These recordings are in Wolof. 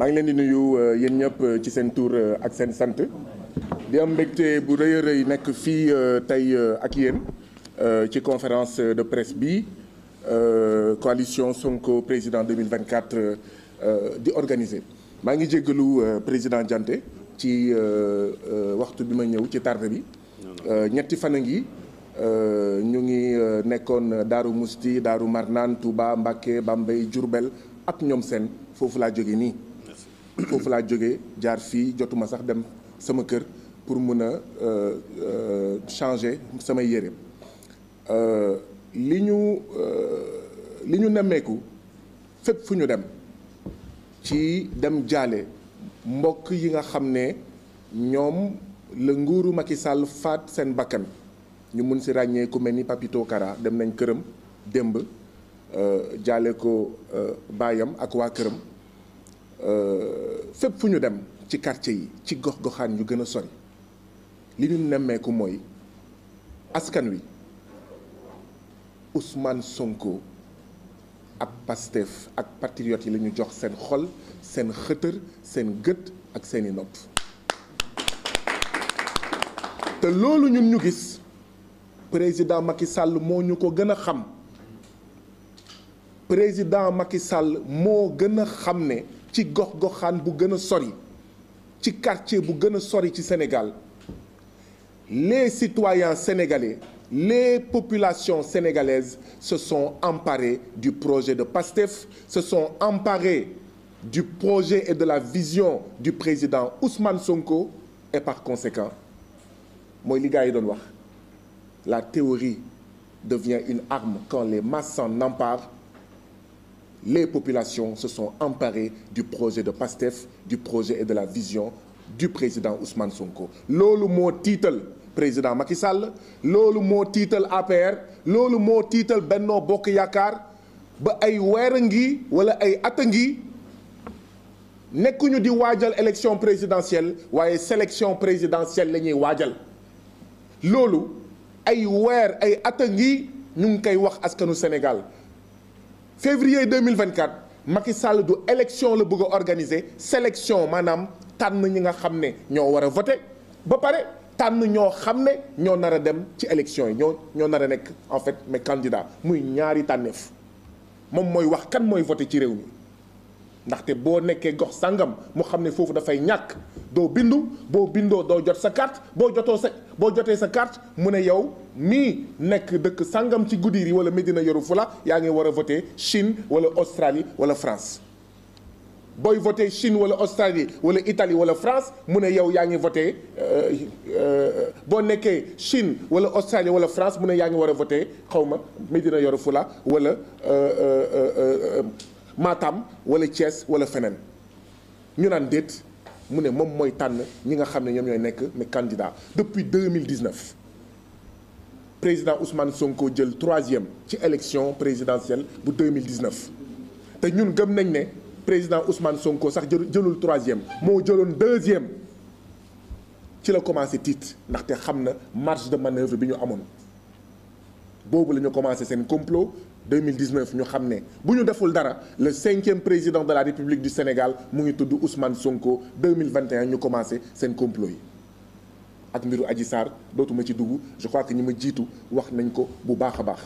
maa ngi leen di nuyu euh, yéen ñëpp euh, ci seen tour euh, ak seen sant di am mbégte bu rëy a rëy nekk fii tey ak yéen ci conférence de presse bi coalition Sonko président 2024 di organiser maa ngi jéggalu président jante ci waxtu bi ma ñëw ci tardé bi ñetti fan a ngi ñu ngi nekkoon Daaru Musti Daaru Marnaan Touba Mbacké Bambey jurbel ak ñoom seen foofu laa jóge nii foofu laa jóge jaar fii jotuma sax dem sama kër pour mun a euh, euh, changer samay yére euh, li ñu li ñu nemmeeku fépp fu ñu dem ci dem jaale mbokk yi nga xam ne ñoom la nguuru Macky Sall faat seen bakkan ñu mun si ràññeeku ku mel ni Papito Kara dem nañ këram démb jaale ko baayam ak waa këram Euh, fépp fu ñu dem ci quartier yi ci gox-goxaan yu gën a sori li ñu nemmeeku mooy askan wi Ousmane Sonko ak Pastef ak patriotes yi la ñu jox seen xol seen xëtër seen gët ak seeni nopp te loolu ñun ñu gis président Macky Sall moo ñu ko gën a xam président Macky sàll moo gën a xam ne ci gox-goxaan bu gën a sori ci quartier bu gën a sori ci Sénégal les citoyens sénégalais les populations sénégalaises se sont emparées du projet de PASTEF se sont emparées du projet et de la vision du président Ousmane Sonko et par conséquent mooy li gars yi doon wax la théorie devient une arme quand les masses s'en les populations se sont emparées du projet de PASTEF du projet et de la vision du président Ousmane Sonko loolu moo tiital président Macky Sall loolu moo tiital APR loolu moo tiital Benno Bokk Yaakaar ba ay weer a ngi wala ay at a ngi nekkuñu di waajal élection présidentielle waaye sélection présidentielle la ñuy waajal loolu ay weer ay at a ngi ñu ngi koy wax askanu Sénégal février 2024 Macky Sall du élection la bëgg a organiser sélection maanaam tànn ñi nga xam ne ñoo war a voter ba pare tànn ñoo xam ne ñoo nar a dem ci élection yi ñoo ñoo nar a nekk en fait mais candidat muy ñaari tànneef moom mooy wax kan mooy voter ci réew mi ndaxte boo nekkee gox sàngam mu xam ne foofu dafay ñàkk doo bindu boo bindoo doo jot sa carte boo jotoo sa boo jotee sa carte mu ne yow mii nekk dëkk sàngam ci guddi Goudiry wala Médina Yoro Fula yaa ngi war a voté Chine wala Australie wala France. booy voté Chine wala Australie wala Italie wala France mu ne yow yaa ngi voté euh, euh, boo nekkee Chine wala Australie wala France mu ne yaa ngi war a voté xawma ma Médina Yoro Fula wala. Euh, maatam wala cees wala feneen ñu naan déet mu ne moom mooy tànn ñi nga xam ne ñoom ñooy nekk mais candidat depuis 2019 président Ousmane Sonko jël troisième ci élection présidentielle bu 2019 te ñun gëm nañ ne président Ousmane Sonko sax jëlul troisième moo jëloon deuxième ci la commencé tiit ndaxte xam na marge de manœuvre bi ñu amoon boobu la ñu commencé seen complot 2019 ñu xam ne bu ñu deful dara le cinquième président de la République du Sénégal mu ngi tudd Ousmane Sonko 2021 ñu commencé seen complot yi ak mbiru Adji Sarr dootuma ci dugg je crois que ñi ma jiitu wax nañ ko bu baax a baax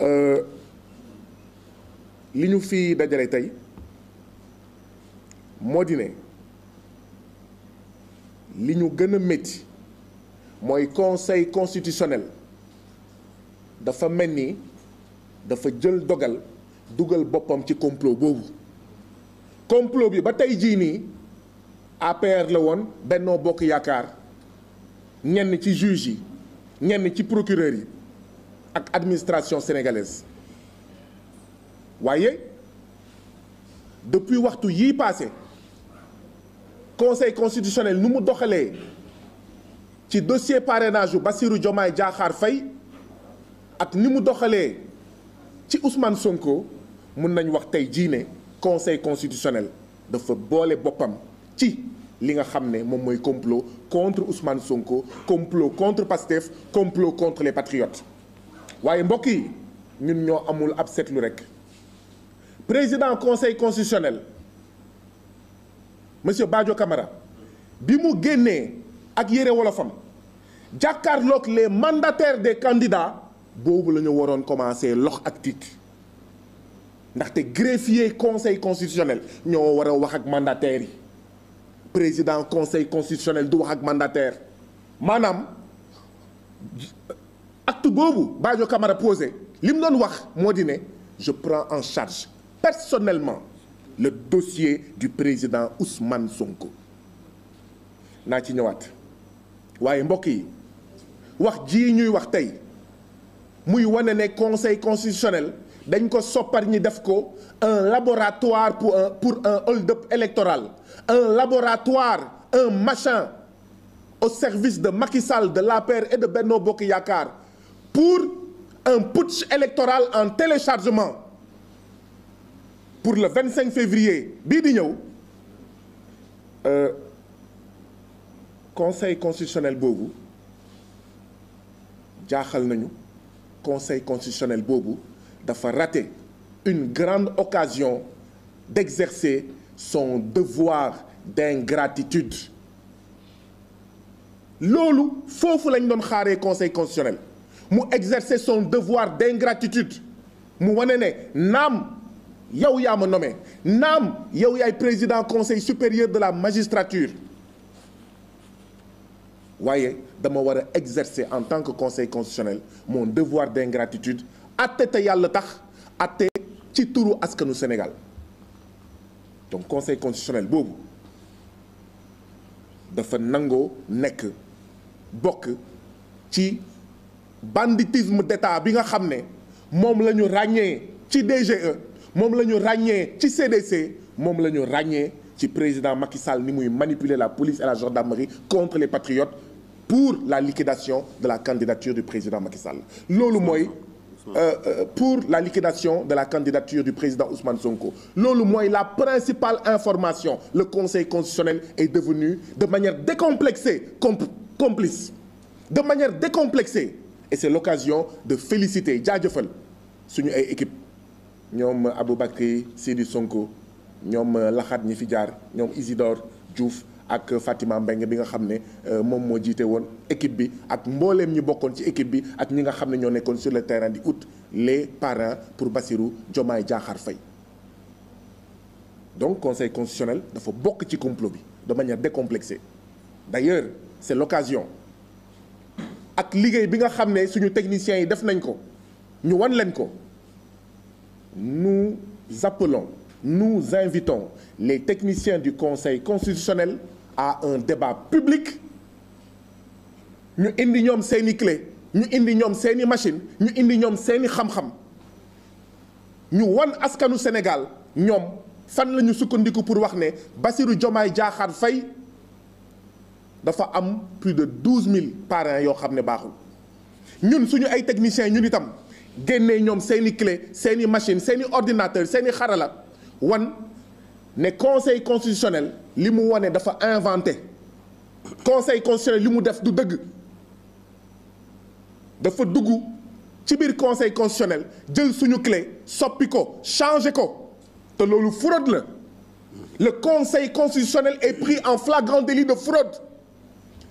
euh, li ñu fi dajale tey moo di ne li ñu gën a métti mooy conseil constitutionnel dafa mel ni dafa jël dogal dugal boppam ci complot boobu complot bi ba tey jii nii APR la woon Bennoo Bokk Yaakaar ñenn ci juge yi ñenn ci procureur yi ak administration sénégalaise waaye depuis waxtu yi passé conseil constitutionnel nu mu doxalee ci dossier parrainage bu Bassirou Diomaye jaaxaar Faye ak ni mu doxalee ci Ousmane Sonko mun nañu wax tey jii ne conseil constitutionnel dafa boole boppam ci li nga xam ne moom mooy complot contre Ousmane Sonko complot contre Pastef complot contre les patriotes waaye mbokk yi ñun ñoo amul ab seetlu rek président conseil constitutionnel monsieur Badio Camara bi mu génnee ak yére wolofam jàkkaarloog les mandataires des candidats. boobu la ñu waroon commencé lox ak tiit ndaxte greffier conseil constitutionnel ñoo war a wax ak mandataire yi président conseil constitutionnel du wax ak mandataire maanaam acte boobu Badio Camara posé li mu doon wax moo di ne je prends en charge personnellement le dossier du président Ousmane Sonko naa ci ñëwaat waaye mbokk yi wax ji ñuy wax tey. muy wane ne conseil constitutionnel dañ ko soppar ñi def ko un laboratoire pour un pour un hold-up électoral un laboratoire un machin au service de Macky Sall de l'APR et de Benno Bokk Yaakaar pour un putsch électoral en téléchargement pour le 25 février bii di ñëw euh, conseil constitutionnel boobu jaaxal nañu conseil constitutionnel boobu dafa raté une grande occasion d'exercer son devoir d'ingratitude loolu foofu lañ doon xaaree conseil constitutionnel mu exercer son devoir d'ingratitude mu wane ne naam yow yaa ma nommé naam yow yaay président conseil supérieur de la magistrature waaye dama war a exercer en tant que conseil constitutionnel mon devoir d'ingratitude atte te yàlla tax atte ci turu askanu Sénégal donc conseil constitutionnel boobu dafa nangoo nekk bokk ci banditisme d'État bi nga xam ne moom la ñu ràññee ci DGE moom la ñu ràññee ci CDC moom la ñu ràññee ci président Macky Sall ni muy manipuler la police et la gendarmerie contre les patriotes pour la liquidation de la candidature du président Macky Sall loolu mooy euh, euh, pour la liquidation de la candidature du président Ousmane Sonko loolu mooy la principale information le conseil constitutionnel est devenu de manière décomplexée complice de manière décomplexée et c'est l'occasion de féliciter jaajëfal suñu ay équipe ñoom Aboubacry Sidi Sonko ñoom Laxat ñi fi jaar ñoom Isidore Diouf ak Fatima Mbengue bi nga xam ne euh, moom moo jiite woon équipe bi ak mbooleem ñi bokkoon ci équipe bi ak ñi nga xam ne ñoo nekkoon sur le terrain di août les parrains pour Bassirou Diomaye Diakhar Faye donc conseil constitutionnel dafa bokk ci complot bi de manière décomplexée d'ailleurs c'est l'occasion ak liggéey bi nga xam ne suñu techniciens yi def nañ ko ñu wan leen ko nous appelons nous invitons les techniciens du conseil constitutionnel à un débat public ñu indi ñoom seeni clé ñu indi ñoom seeni machine ñu indi ñoom seeni xam-xam ñu wan askanu Sénégal ñoom fan lañu sukkandiku pour wax ne Bassirou Diomaye Diakhar fay dafa am plus de douze mille parrains yoo xam ne baaxul ñun suñu ay techniciens ñun itam génnee ñoom seeni clé seeni machine seeni ordinateur seeni xarala wan ne conseil constitutionnel li mu wane dafa inventé conseil constitutionnel li mu def du dëgg dafa dugg ci biir conseil constitutionnel jël suñu clé soppi ko changé ko te loolu fraude la le conseil constitutionnel est pris en flagrant délit de fraude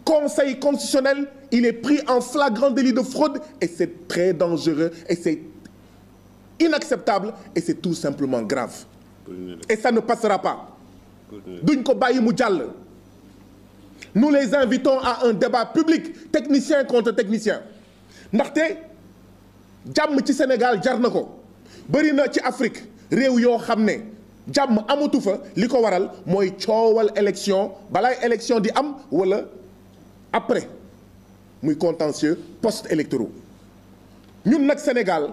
conseil constitutionnel il est pris en flagrant délit de fraude et c'est très dangereux et c'est inacceptable et c'est tout simplement grave et ça ne passera pas duñ ko bàyyi mu jàll nous les invitons à un débat public technicien contre technicien ndaxte jàmm ci Sénégal jar na ko bëri na ci Afrique réew yoo xam ne jàmm amatu fa li ko waral mooy coowal élection balaay élection di am wala après muy contentieux post électoraux ñun nag Sénégal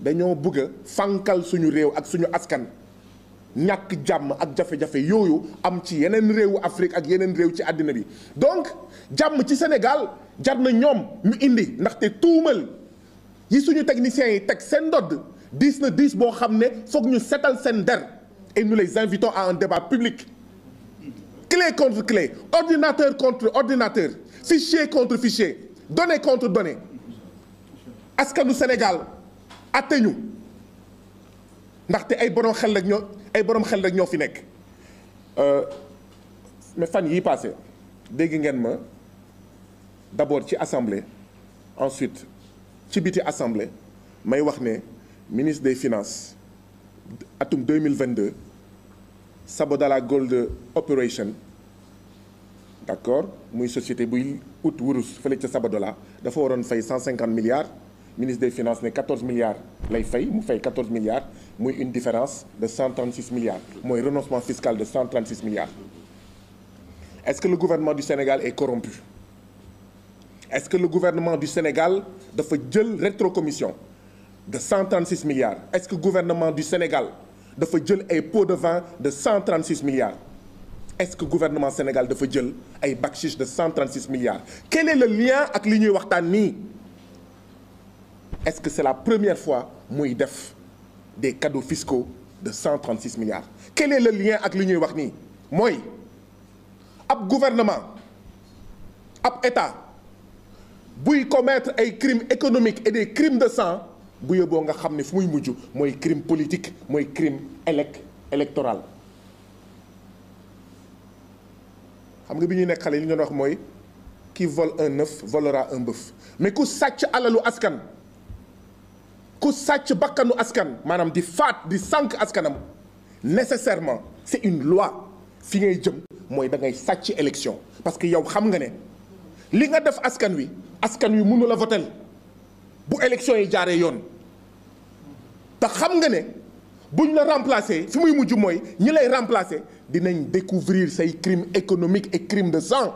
dañoo bëgg a fànkal suñu réew ak suñu askan ñàkk jàmm ak jafe-jafe yooyu am ci yeneen réewu Afrique ak yeneen réew ci àddina bi donc jàmm ci Sénégal jar na ñoom ñu indi ndaxte tuumal yi suñu techniciens yi teg seen ndodd diis na diis boo xam ne foog ñu setal seen der et nous les invitons à un débat public clé contre clé ordinateur contre ordinateur fichier contre fichier donnée contre donnée askanu Sénégal atte ndaxte ay borom xel rek ñoo ay borom xel rek ñoo fi nekk euh, mais fan yi passé dégg ngeen ma d'abord ci assemblée ensuite ci biti assemblée may wax ne ministre des finances atum 2022 Sabodala Gold Operation d'accord muy société buy ut wurus fële ca Sabodala dafa waroon fay 150 milliards ministre des finances ne 14 milliards lay fay mu fay 14 milliards muy une différence de 136 milliards mooy renoncement fiscal de 136 milliards est-ce que le gouvernement du Sénégal est corrompu est-ce que le gouvernement du Sénégal dafa jël commission de 136 milliards est-ce que gouvernement du Sénégal dafa jël ay pots de vin de 136 milliards est-ce que gouvernement Sénégal dafa jël ay bakchich de 136 milliards quel est le lien ak li ñuy waxtaan nii est-ce que c'est la première fois muy def des cadeaux fiscaux de 136 milliards quel est le lien ak li ñuy wax nii mooy ab gouvernement ab état buy commettre ay crimes économiques et des crimes de sang bu yóbboo nga xam ne fu muy mujj mooy crime politique mooy crime élec électoral xam nga bi ñuy nekk xale li ñu wax mooy qui vole un œuf volera un bœuf mais ku sàcc alalu askan ku sàcc bakkanu askan maanaam di faat di sànq askanam nécessairement c'est une loi fi ngay jëm mooy da ngay sàcc élection parce que yow xam nga ne li nga def askan wi askan wi mënu la votel bu élection yi jaaree yoon te xam nga ne buñ la remplacer fi muy mujj mooy ñi lay remplacer dinañ découvrir say crimes économique et crimes de sang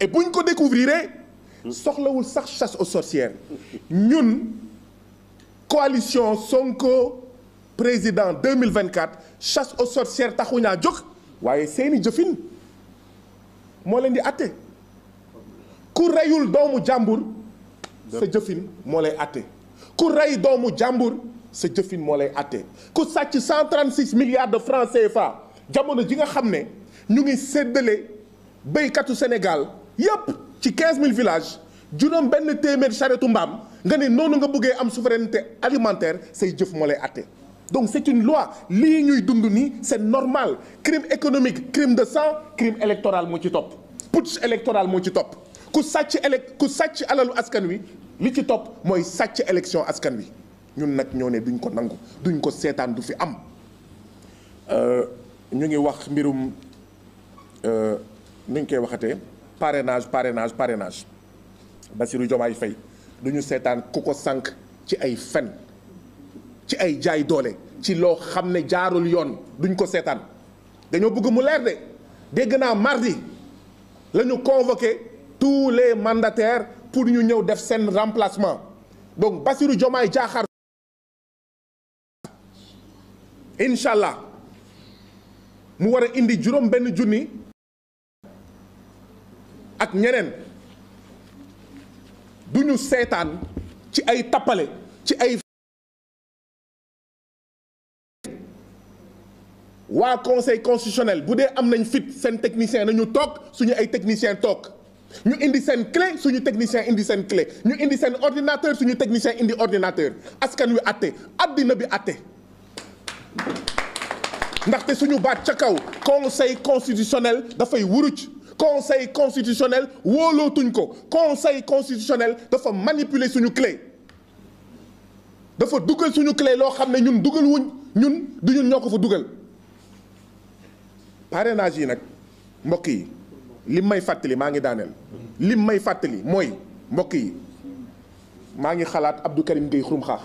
et buñ ko découvrir soxlawul sax chasse au sorcières ñun coalition Sonko président 2024 chasse aux sorcières taxu ñaa jóg waaye seeni jëfin moo leen di atte ku reyul doomu jàmbur sa jëfin moo lay atte ku rey doomu jàmbur sa jëfin moo lay atte ku sàcc 136 milliards de francais CFA jamono ji nga xam ne ñu ngi séddale baykatu Sénégal yépp ci 15000 villages juróom benn téeméer charrettu mbaam nga ne noonu nga bëggee am souveraineté alimentaire say jëf moo lay àtte donc c'est une loi lii ñuy dund nii c'est normal crime économique crime de sang crime électoral moo ci topp putsch électoral moo ci topp ku sàcc élec ku sàcc alalu askan wi li ci topp mooy sàcc élection askan wi ñun nag ñoo ne duñ ko nangu duñ ko seetaan du fi am euh, ñu ngi wax mbirum euh, nu ñu koy waxatee parrainage parrainage parrainage Bassirou Diomaye Faye duñu seetaan ku ko sànq ci ay fen ci ay jaay doole ci loo xam ne jaarul yoon duñ ko seetaan dañoo bugg mu leer de dégg naa mardi la ñu convoqué tous les mandataires pour ñu ñëw def seen remplacement donc Bassirou Diomaye Diakhar incha allah mu wara indi juróom benn junni ak ñeneen du ñu seetaan ci ay tappale ci ay waa conseil constitutionnel bu dee am nañ fit seen technicien nañu toog suñu ay technicien toog ñu indi seen clé suñu technicien indi seen clé ñu indi seen ordinateur suñu technicien indi ordinateur askan wi àtte àddina bi àtte ndaxte suñu baat ca kaw conseil constitutionnel dafay wuruj conseil constitutionnel wóolootuñ ko conseil constitutionnel dafa manipuler suñu clé dafa dugal suñu clé loo xam ne ñun dugal wuñ ñun du ñun ñoo ko fa dugal parrainage yi nag mbokk yi lim may fàttali maa ngi daaneel lim may fàttali mooy mbokk yi maa ngi xalaat Abdou Karim Gueye xurum xaax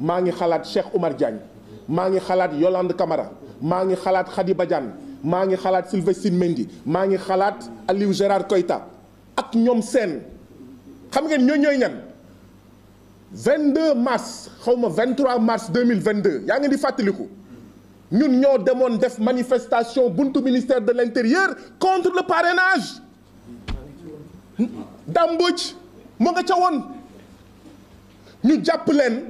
maa ngi xalaat Cheikh Oumar Diagne maa ngi xalaat Yolande Camara maa ngi xalaat Khady Badiane maa ngi xalaat Sylvestine Mendy maa ngi xalaat Aliou Gérard Koïta ak ñoom seen xam ngeen ñoo ñooy ñan 22 mars xaw ma 23 mars 2022 yaa ngi di fàttaliku ñun ñoo demoon def manifestation buntu ministère de l'intérieur contre le parrainage damboj mu nga ca woon ñu jàpp leen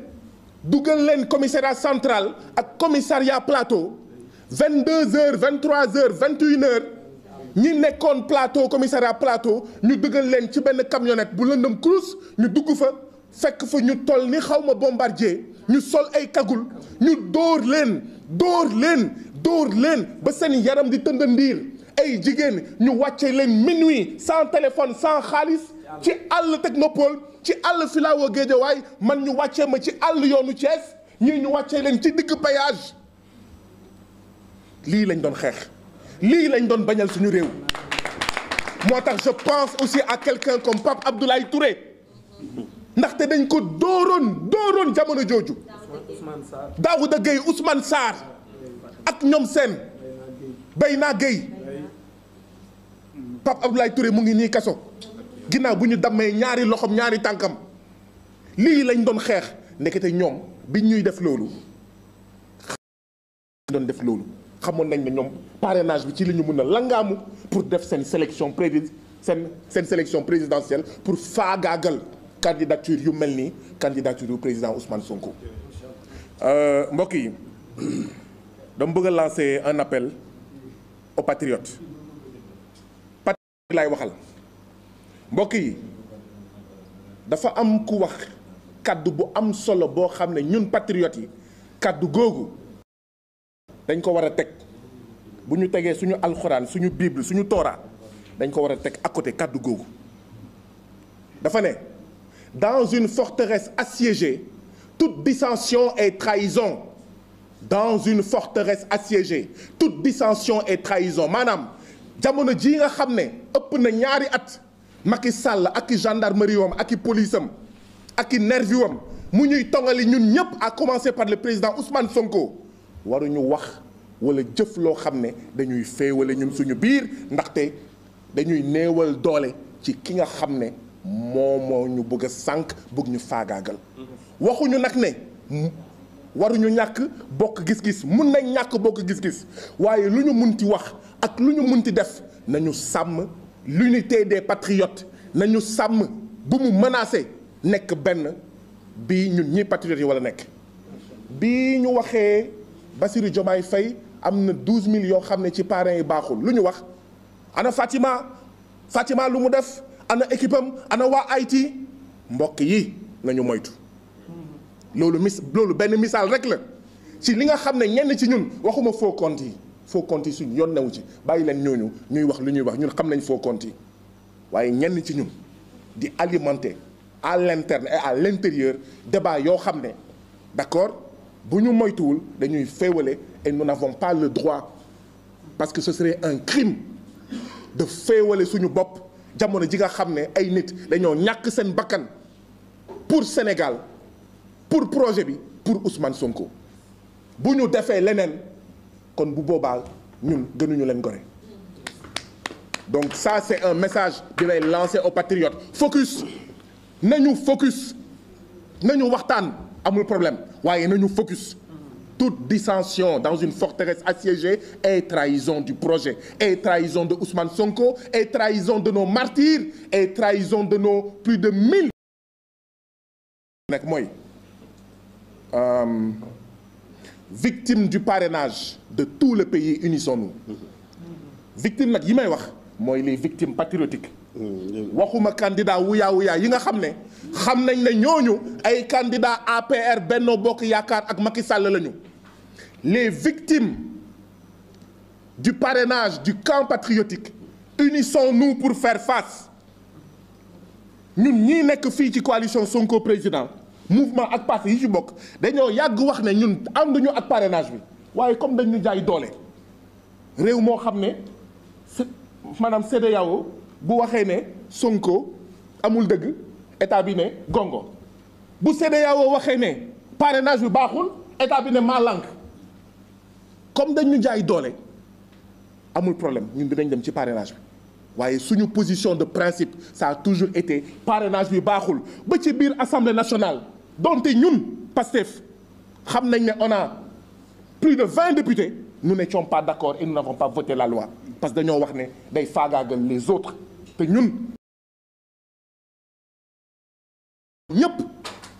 dugal leen commissariat centrale ak commissaria plateau vingt deux heures vingt trois heures vingt une heures ñi nekkoon plateau commissariat plateau ñu dëggal leen ci benn camionnette bu lëndëm kurus ñu dugg fa fekk fa ñu toll ni xaw ma bombardier ñu sol ay kagul ñu dóor leen dóor leen dóor leen ba seen yaram di tënd ndiir ay jigéen ñu wàccee leen minuit sans téléphone sans xaalis ci àll technopole ci àll filaawa géejawaay man ñu wàccee ma ci àll yoonu Thiès ñii ñu wàccee leen ci digg péage lii lañ doon xeex lii lañ doon bañal suñu réew moo tax je pense aussi à quelqu'un comme Pape Abdoulaye Touré ndaxte dañ ko dooroon dooroon jamono jooju Daouda Gueye Ousmane saar ak ñoom seen bay Bayna Gueye Pape Abdoulaye Touré mu ngi nii kaso ginnaaw bu ñu dammee ñaari loxoom ñaari tànkam lii lañ doon xeex ndekete ñoom biñ ñuy def loolu doon def loolu xamoon nañ ne ñoom parrainage bi ci la ñu mun a langaamu pour def seen sélection prési seen seen sélection présidentielle pour faagaagal candidature yu mel ni candidature yu président Ousmane Sonko. Euh, mbokk yi dama bëgg a lancer un appel aux patriotes. patriotes lay waxal mbokk yi dafa am ku wax kaddu bu am solo boo xam ne ñun patriotes yi kaddu googu. dañ ko war a teg bu ñu tegee suñu alxuraan suñu bible suñu tooraa dañ ko war a teg à côté kàddu googu dafa ne dans une forteresse assiégée toute dissension est trahison dans une forteresse assiégée toute dissension et trahison maanaam jamono jii nga xam ne ëpp na ñaari at Macky Sall ak i gendarmerie wam ak i police ak i nervi wam mu ñuy tongali ñun ñëpp à commencer par le président Ousmane Sonko waruñu wax wala jëf loo xam ne dañuy féewale ñun suñu biir ndaxte dañuy néewal doole ci ki nga xam ne moo moo ñu bëgg a sànq bëgg ñu faagaagal. Mhm. waxuñu nag ne waruñu ñàkk bokk gis-gis mun nañ ñàkk bokk gis-gis waaye lu ñu munti wax ak lu ñu munti def nañu sàmm l'unité des patriotes nañu sàmm bu mu menacé nekk benn bi ñun ñi patriotes yi wala nekk bi ñu waxee. Bassirou Diomaye Faye am na 12000 yoo xam ne ci parrain yi baaxul lu ñu wax ana Fatima Fatima lu mu def ana équipe am ana waa IT mbokk yi nañu moytu loolu mis loolu benn misaal rek la ci li nga xam ne ñenn ci ñun waxuma faux compte yi faux compte yi suñu yoon newu ci bàyyi leen ñooñu ñuy wax lu ñuy wax ñun xam nañ faux compte yi waaye ñenn ci ñun di alimenter à l'interne et à l'intérieur débat yoo xam ne d'accord bu ñu moytuwul dañuy féewale et nous n'avons pas le droit parce que ce serait un crime de féewale suñu bopp jamono ji nga xam ne ay nit dañoo ñàkk seen bakkan pour Sénégal pour projet bi pour Ousmane Sonko bu ñu defee leneen kon bu boobaa ñun gënuñu leen gore donc ça c'est un message bi may lancer aux patriotes focus nañu focus nañu waxtaan. amul problème waaye nañu focus toute dissension dans une forteresse assiégée est trahison du projet est trahison de Ousmane Sonko est trahison de nos martyrs est trahison de nos plus de mille nekk mooy euh, victime du parrainage de tout le pays unissons-nous victime nag yi may wax mooy les victimes patriotiques mm, waxuma candidat wuyaa wuyaa yi nga xam ne xam nañ ne ñooñu ay candidat APR Benno Bokk Yaakaar ak Macky Sall lañu les victimes du parenage du camp patriotique unissons-nous pour fair face ñun ñii nekk fii ci coalition Sonko président mouvement ak parti yi ci bokk dañoo yàgg wax ne ñun ànduñu ak parrainage bi waaye comme dañu jaay doole réew moo xam ne maanaam CEDEAO bu waxee ne Sonko amul dëgg. état bi ne gongo bu CEDEAO waxee ne parenage bi baaxul état bi ne maa comme dañ ñu jaay doole amul problème ñun dinañ dem ci parrainage bi waaye suñu position de principe ça toujours été parrainage bi baaxul ba ci biir assemblée nationale donte ñun Pastef xam nañ ne on a plus de vingt députés ne n'étions pas d'accord et na n'avons pas voté la loi parce que dañoo wax ne day faagaagal les autres te ñun ñëpp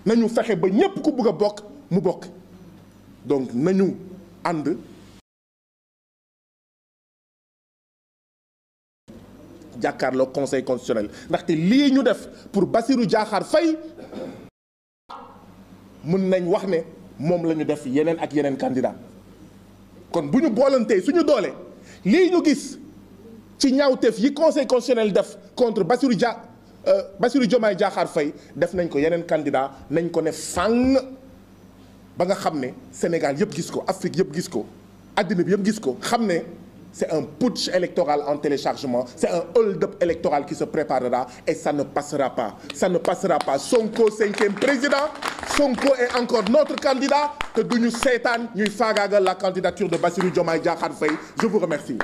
nañu fexe ba ñëpp ku bëgg a bokk mu bokk donc nañu ànd jàkkaarloo conseil constitutionnel ndaxte lii ñu def pour Bassirou Diakhar Faye mën nañ wax ne moom lañu def yeneen ak yeneen candidat kon bu ñu boolantee suñu doolee lii ñu gis ci ñaawteef yi conseil constitutionnel def contre Bassirou Dia Euh, Bassirou Diomaye Diakhar fay def nañ ko yeneen candidat nañ ko ne fànn ba nga xam ne Sénégal yëpp gis ko Afrique yëpp gis ko addina bi yëpp gis ko xam ne c'est un putsch électoral en téléchargement c'est un hold-up électoral qui se préparera et ça ne passera pas ça ne passera pas Sonko cinquième président Sonko est encore notre candidat te duñu seetaan ñuy faagaagal la candidature de Bassirou Diomaye Diakhar Faye je vous remercie